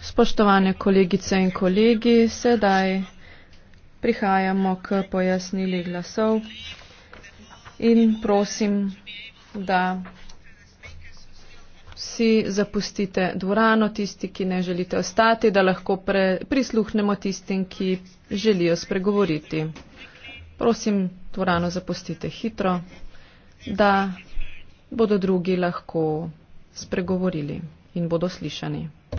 Spoštovane kolegice in kolegi, sedaj prihajamo k pojasnili glasov in prosim, da vsi zapustite dvorano, tisti, ki ne želite ostati, da lahko pre, prisluhnemo tistim, ki želijo spregovoriti. Prosim, dvorano zapustite hitro, da bodo drugi lahko spregovorili in bodo slišani.